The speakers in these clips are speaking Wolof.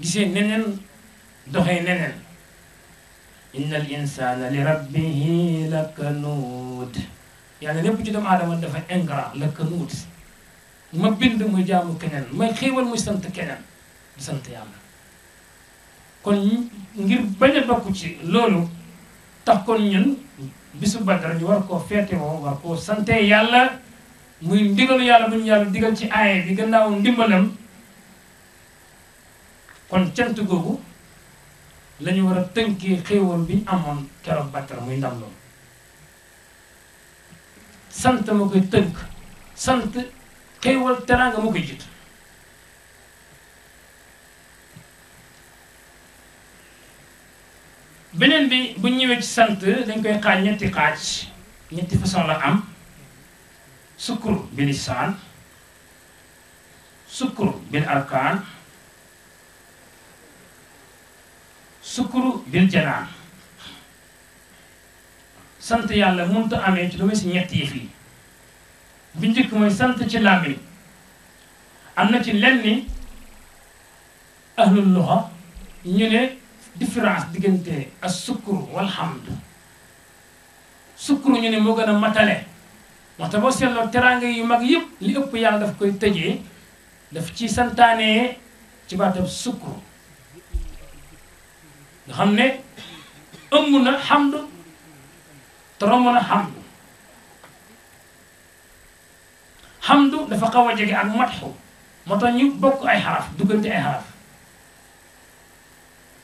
gisee neneen doxee neneen inna al insana li rabbihi lakanuud yàlla lépp ci doomu aadama dafa ingrat lakanuud ma bind muy jaamu keneen may xéewal muy sant keneen di sant yàlla kon ngir bañ a bokk ci loolu tax kon ñun bisu Badar ñu war koo feete war koo sante yàlla muy ndigalu yàlla bu ñu yàlla digal ci aaya bi gannaaw ndimbalam kon cant googu la ñu war a tënkee xéewal bi amoon keroog bàttara muy ndam loolu sant ma koy tënk sant xéewal teraanga ma koy jiitu beneen bi bu ñëwee ci sant dañ koy xaaj ñetti xaaj ñetti façon la am sukkur bi lisaan sukkur bil arkaan sukkuru bil janaan sant yàlla mënut a amee ci lu muy si ñett yi fii bi njëkk mooy sant ci làmmiñ am na ci lenni ahlul loxo ñu ne différence diggante ak sukkuru walhamdu sukkuru ñu ne moo gën a matale waxte boo seetloo teraanga yu mag yëpp li ëpp yàlla daf koy tëjee daf ci santaanee ci baatam sukkuru xam ne ëmm na xamd te romb na xam xamdu dafa xaw a jege ak matxu moo tax ñu bokk ay xaraf duggante ay xaraf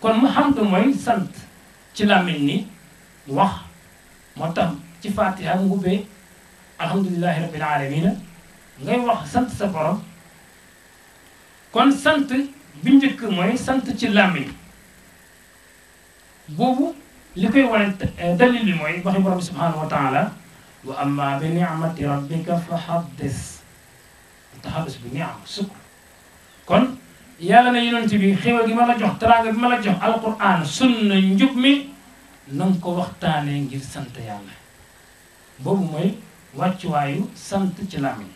kon mu xamdu mooy sant ci làmmiñ ni wax moo tax ci fatiha mu ubbee alhamdulilahi rabbil alamina ngay wax sant sa borom kon sant bi njëkk mooy sant ci làmmiñ boobu li koy wane eh, dalil bi mooy waxi borom subhanahu wa taala wa amma bi ni'mati rabbika fa haddis tahaddus bi ni'ma sukkur kon yàlla na yonent bi xéwal gi ma la jox teraanga bi ma la jox alquran sunna njub mi na ko waxtaanee ngir sant yàlla boobu mooy wàccuwaayu sant ci làmmiñ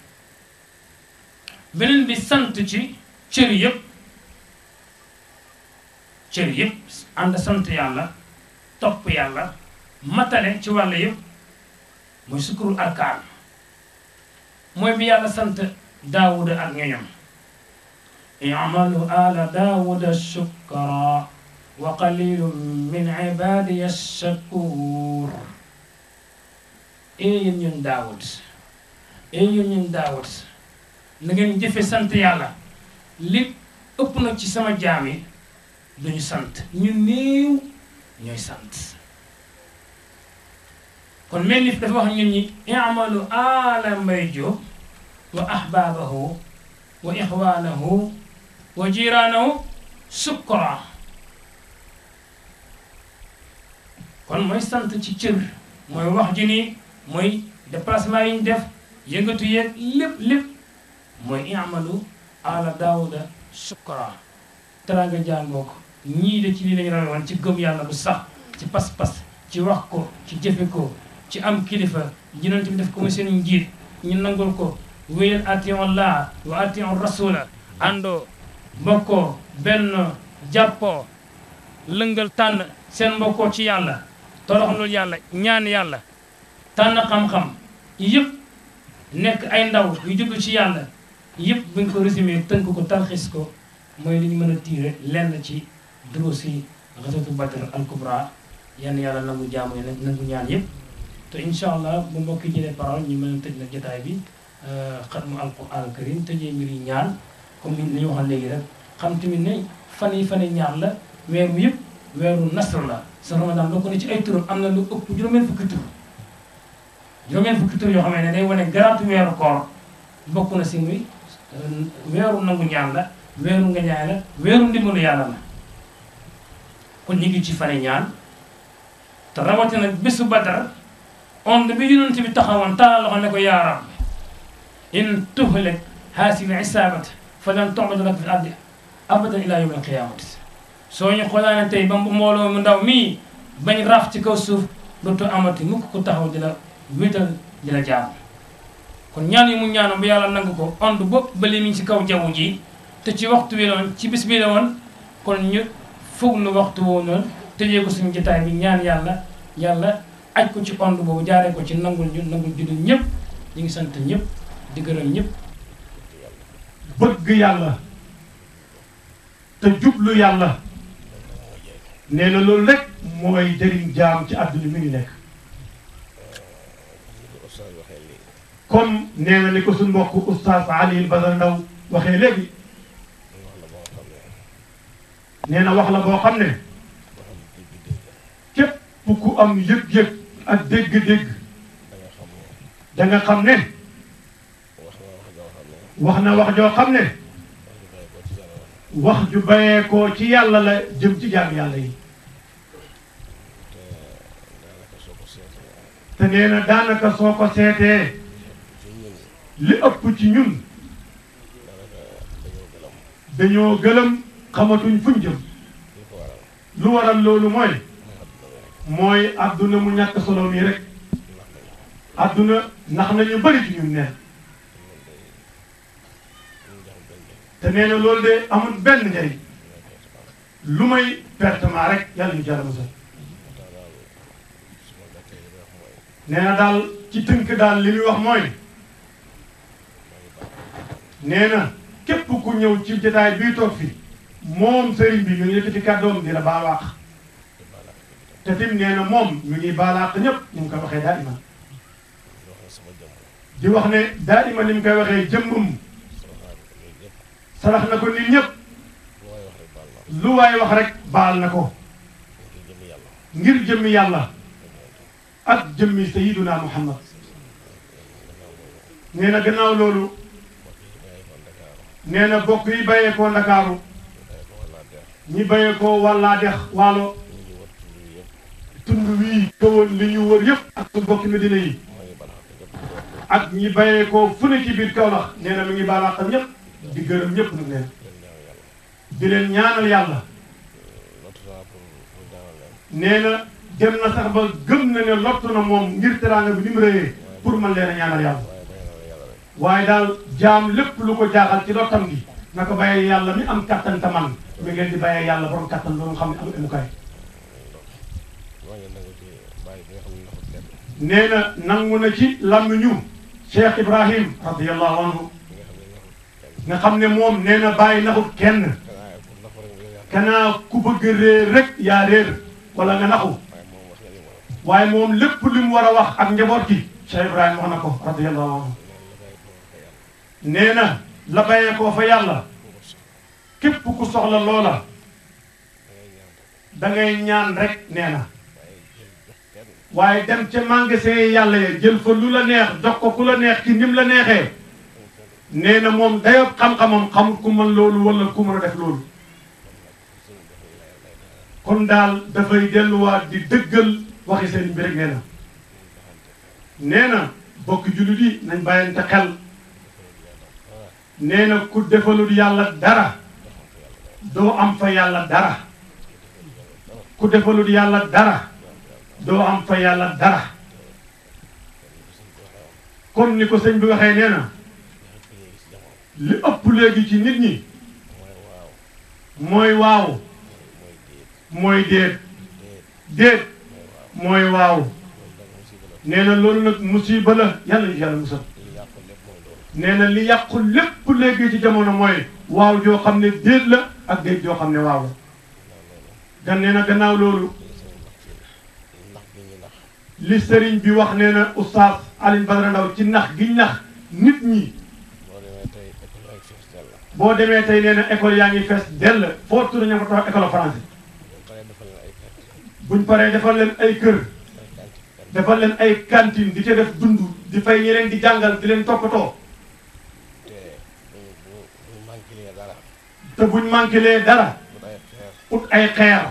beneen bi sant ci cër yëpp cër yëpp ànd sant yàlla topp yàlla matale ci wàll yëpp mooy sukkurul arkaan mooy bi yàlla sant daawuda ak ñoñom i'malu ala daawuda shukra wa qalilun min ibadiya shakur ee yéen ñun daawud ee yéen ñun daawud na ngeen sant yàlla li ëpp na ci sama jaam duñu sant ñu néew ñooy sant kon mel ni dafa wax ñun ñi i'malu aala wa ahbaabahu wa ixwaanahu wa jiraanahu sukra kon mooy sant ci cër mooy wax ji nii mooy déplacement yi ñu def yëngatu yeeg lépp lépp mooy i'malu aala daawuda sukra teraanga jaan boo ko ñii de ci lii lañu rawe woon ci gëm yàlla bu sax ci pas-pas ci wax ko ci jëfe ko ci am kilifa yonent bi def ko muy seen njiit ñu nangool ko wéyal ation laa wa ation rasula àndoo mbokkoo benn jàppoo lëngal tànn seen mbokkoo ci yàlla toroxlul yàlla ñaan yàlla tànn xam-xam yëpp nekk ay ndaw yu jublu ci yàlla yëpp buñ ko résumé tënk ko talxis ko mooy li mën a tiire lenn ci duruusi xasatu badr al kubra yenn yàlla nangu jaamu yi nangu ñaan yëpp te incha allah bu mbokk yi jëlee parole ñu mën a tëj nag jotaay bi euh, xatmu alquran karim tëjee mbir yi ñaan comme ni ñu waxoon léegi rek xam tamit ne fan yi fan yi ñaan la weeru yëpp weeru nasr la sa ramadan loo ko am na lu ëpp juróomeen fukki tur juróomeen fukki tur yoo xamee ne day wane garaatu weeru koor bokk na si muy euh, weeru nangu ñaan la weeru nga ñaay la weeru ndimbalu yàlla kon ñu ngi ci fane ñaan te rawatina bésu Badar ond bi yonent bi taxawoon taalal loxo ne ko yaa rabbi in tuhlik haasihi isaabata fa lan tu'bad laka fil ardi abadan ilaa yawmil ba mbooloo ndaw mii bañ raaf ci kaw suuf dootu amati mukk ku taxaw di la wéetal di la jaam kon ñaan yi mu ñaanoon bu yàlla nangu ko ond bopp ba li ci kaw jaww ji te ci waxtu bi la woon ci bis bi la woon kon ñu foog nu waxtu woo tëjee ko suñu jotaay bi ñaan yàlla yàlla aj ko ci ond boobu jaaree ko ci nangul ñu nangul jullit ñëpp ñu ngi sant ñëpp di gërëm ñëpp bëgg yàlla te jublu yàlla nee na loolu rek mooy jëriñ jaam ci àdduna mi ngi nekk comme nee na ni ko suñ mbokk oustaz Alioune Badara Ndao waxee léegi nee na wax la boo xam ne képp ku am yëg-yëg ak dégg-dégg da nga xam ne wax na wax joo xam ne wax ju bayeekoo ci yàlla la jëm ci jaam yàlla yi te nee na daanaka soo ko seetee li ëpp ci ñun dañoo gëlëm xamatuñ fuñ jëm lu waral loolu mooy mooy adduna mu ñàkk solo mi rek adduna ndax nañu bëri ci ñun neex te nee loolu de amul benn njëriñ lu may pertement rek yàlla ñu jàll musal nee daal ci tënk daal li wax mooy nee na képp ku ñëw ci jotaay bii toog fii moom sëriñ bi mi ngi yëkkati kàddoom dina baalaax te fi nee na moom mi ngi baalaax ñëpp ni mu koy waxee daa ima di wax ne daa ima ni mu koy waxee jëmmum sarax na ko nit ñëpp lu waay wax rek baal na ko ngir jëmmi yàlla ak jëmmi sayiduna muhammad nee na gannaaw loolu nee na bokk yi bàyyeekoo ndakaaru ñi béye ko walla dex waalo tund wii kawoon li ñu wër yëpp ak su bokki medina yi ak ñi béye ko fu ne ci biir Kaolack nee na mi ngi baalaaxal ñëpp di gërëm ñëpp nag nee di leen ñaanal yàlla nee na dem na sax ba gëm na ne lottu na moom ngir teraanga bi ni mu pour man leen a ñaanal yàlla waaye daal jaam lépp lu ko jaaxal ci lottam gi na ko bàyyee yàlla mi am kattan te man mi ngi leen di bàyyee yàlla borom kattan loolu nga ne na na ci làmmiñu Cheikh Ibrahim radiyallahu anhu nga xam ne moom nee na bàyyi naxut kenn kanaa ku bëgg réer rek yaa réer wala nga naxu waaye moom lépp li mu war a wax ak njaboot gi Cheikh Ibrahim wax na ko radiyallahu anhu nee la bàyyeekoo fa yàlla képp ku soxla loola dangay ñaan rek nee na waaye dem ca magasin yi yàlla ya jël fa lu la neex jox ko ku la neex ci nim la neexee nee na moom dayob xam-xamam xamul ku mën loolu wala ku mën def loolu kon daal dafay delluwaat di dëggal waxi seen bi rek nee na nee na bokki jullit yi nañ bàyyante xel nee ku defalul yàlla dara doo am fa yàlla dara ku defalul yàlla dara doo am fa yàlla dara comme ni ko sëñ bi waxee nee li ëpp léegi ci nit ñi mooy waaw mooy déet déet mooy waaw nee loolu nag musiba la yàlla ñu yàlla musal nee na li yàqu lépp léegi ci jamono mooy waaw joo xam ne déet la ak déet joo xam ne waaw la gan nee na gannaaw loolu li sëriñ bi wax nee na oustaz Alioune Badara Ndao ci nax gi nax nit ñi boo demee tey nee na école yaa ngi fees dell foo tur ña fa tax école français buñ paree dafa leen ay kër defal leen ay cantine di ca def dund di fay ñeneen di jàngal di leen toppatoo manqué dara. te buñ manqué dara. ut ay xeer.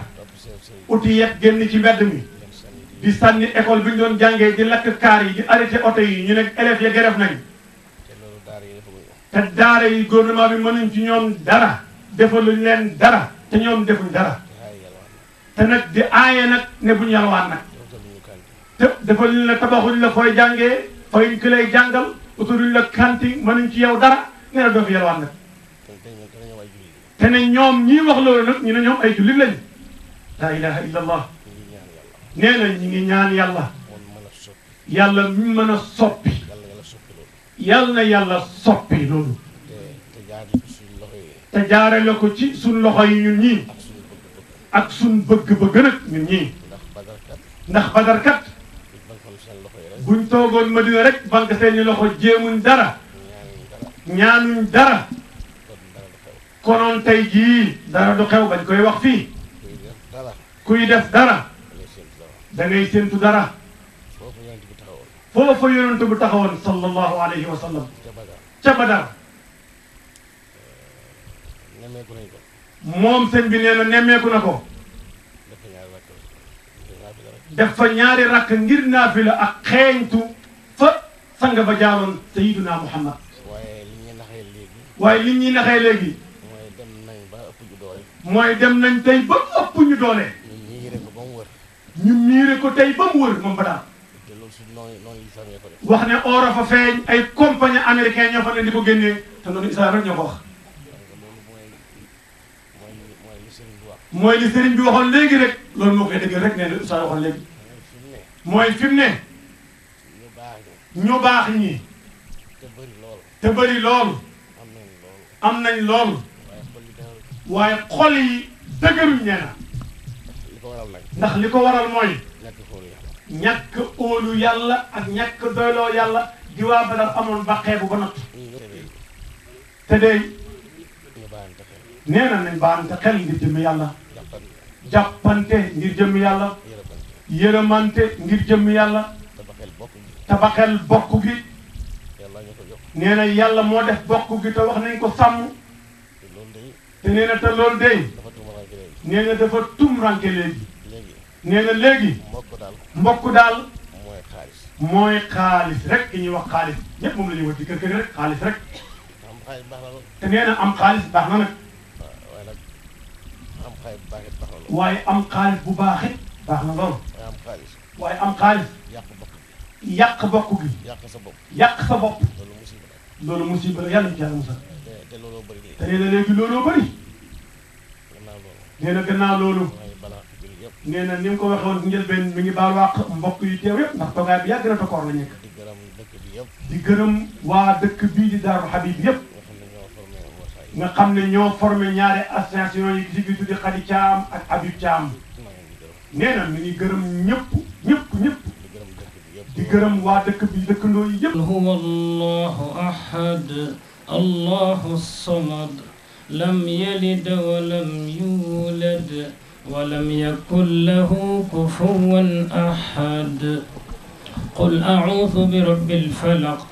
uti yet génn ci mbedd mi. di sànni école bi ñu doon jàngee di lakk kaar yi di arrêté oto yi ñu nekk élèves ya geref nañ. te daara yi gouvernement bi mënuñ ci ñoom dara. defaluñ leen dara. te ñoom defuñ dara. te nag di aaye nag ne buñ yalwaan nag. te defaluñ la tabaxuñ la fooy jàngee fooy ki lay jàngal. uturuñ la kanti mënuñ ci yow dara nee na doo fi yalwaan nag. te ne ñoom ñii wax loolu nag ñu ne ñoom ay jullit lañu laa ilaha illa allah nee na ñi ngi ñaan yàlla yàlla mi mën a soppi yàlla na yàlla soppi loolu te jaare la ko ci suñ loxo yi ñun ñii ak suñ bëgg-bëgg nag ñun ñii ndax badarkat buñ toogoon madina rek banque seen loxo jéemuñ dara ñaanuñ dara konoon tey jii dara du xew bañ koy wax fii kuy def dara da ngay séntu dara foofa yonent bu taxawoon sallallahu alayhi wa sallam ca Badar moom sëñ bi nee na nemmeeku na ko def fa ñaari rakk ngir naafila ak xeeñtu fa sang ba jaaroon sayiduna Muhammad waaye li ñuy naxee léegi mooy dem nañ tey ba mu ëpp ñu doole. ñu miire ko ba mu wër. ñu ko tey ba mu wër moom ba daal. su noonu noonu lislaam ñoo ko def. wax ne or a fa feeñ ay compagnie américain ñoo fa ne di ko génnee te loolu islam rek ñoo ko wax. mooy li sëriñ bi waxoon léegi rek loolu moo koy dëggal rek ne na ustaas waxoon léegi mooy fi mu ne ñu baax ñi te bëri lool am nañ lool waaye xol yi dëgëruñ nee ndax li ko waral mooy ñàkk óolu yàlla ak ñàkk doyloo yàlla di waa badar amoon baqeebu ba nott te day nee na nañ baante ngir jëmm yàlla jàppante ngir jëmm yàlla yërëmante ngir jëmm yàlla tabaxel bokk gi nee yàlla moo def bokk gi te wax nañ ko sàmm te nee na te loolu day nee na dafa tum ranke léegi nee léegi mbokk daal mooy xaalis rek ki ñuy wax xaalis ñëpp moom la ñuy wax ci kër kër rek xaalis rek te nee na am xaalis baax na nag waaye am xaalis bu baax it baax na lool waaye am xaalis yàq bokk gi sa bopp yàq sa bopp loolu musiba la yàlla ci yàlla musal te looloo bëri léegi. te nee na léegi loolu. nee na gannaaw loolu. nee na ni mu ngi baal wax mbokk yu teew yëpp ndax toogaay bi yàgg na tokoor la nekk. di gërëm dëkk bi yëpp. di gërëm waa dëkk bii di Daaru Habib yëpp. nga xam ne ñoo formé ñaari association yi ci bi tuddi Khady Thiam ak Habib Thiam. nee na ngi gërëm ñëpp ñëpp ñëpp. di gërëm waa dëkk bi dëkkandoo yi yëpp. huwa allahu ahad. الله الصمد لم يلد ولم يولد ولم يكن له كفوا أحد قل أعوذ برب الفلق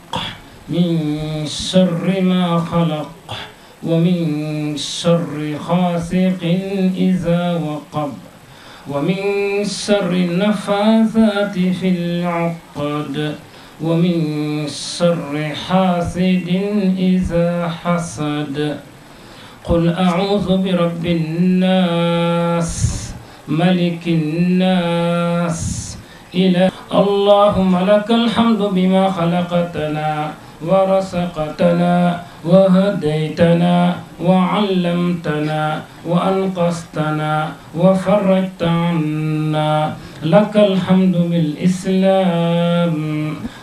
من شر ما خلق ومن شر خاسق إذا وقب ومن شر النفاثات في العقد ومن شر حاسد إذا حسد قل أعوذ برب الناس ملك الناس إله اللهم لك الحمد بما خلقتنا ورزقتنا وهديتنا وعلمتنا وأنقذتنا وفرجت عنا لك الحمد بالإسلام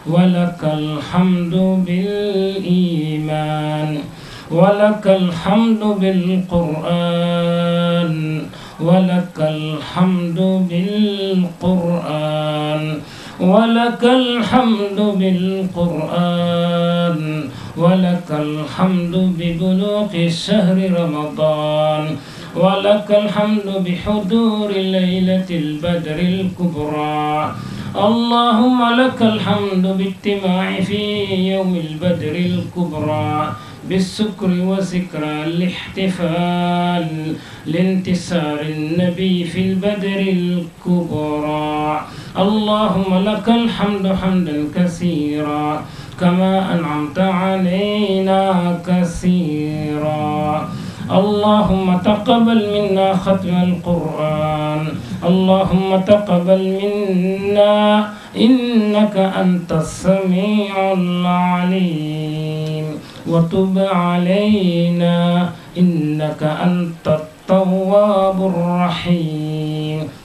ولك الحمد بالإيمان ولك الحمد بالقرآن ولك الحمد بالقرآن ولك الحمد بالقرآن ولك الحمد ببلوغ الشهر رمضان ولك الحمد بحضور ليلة البدر الكبرى اللهم لك الحمد باجتماع في يوم البدر الكبرى بالسكر وذكرى الاحتفال لانتصار النبي في البدر الكبرى اللهم لك الحمد حمدا كثيرا كما أنعمت علينا كثيرا اللهم تقبل منا ختم القرآن اللهم تقبل منا إنك أنت السميع العليم وتب علينا إنك أنت التواب الرحيم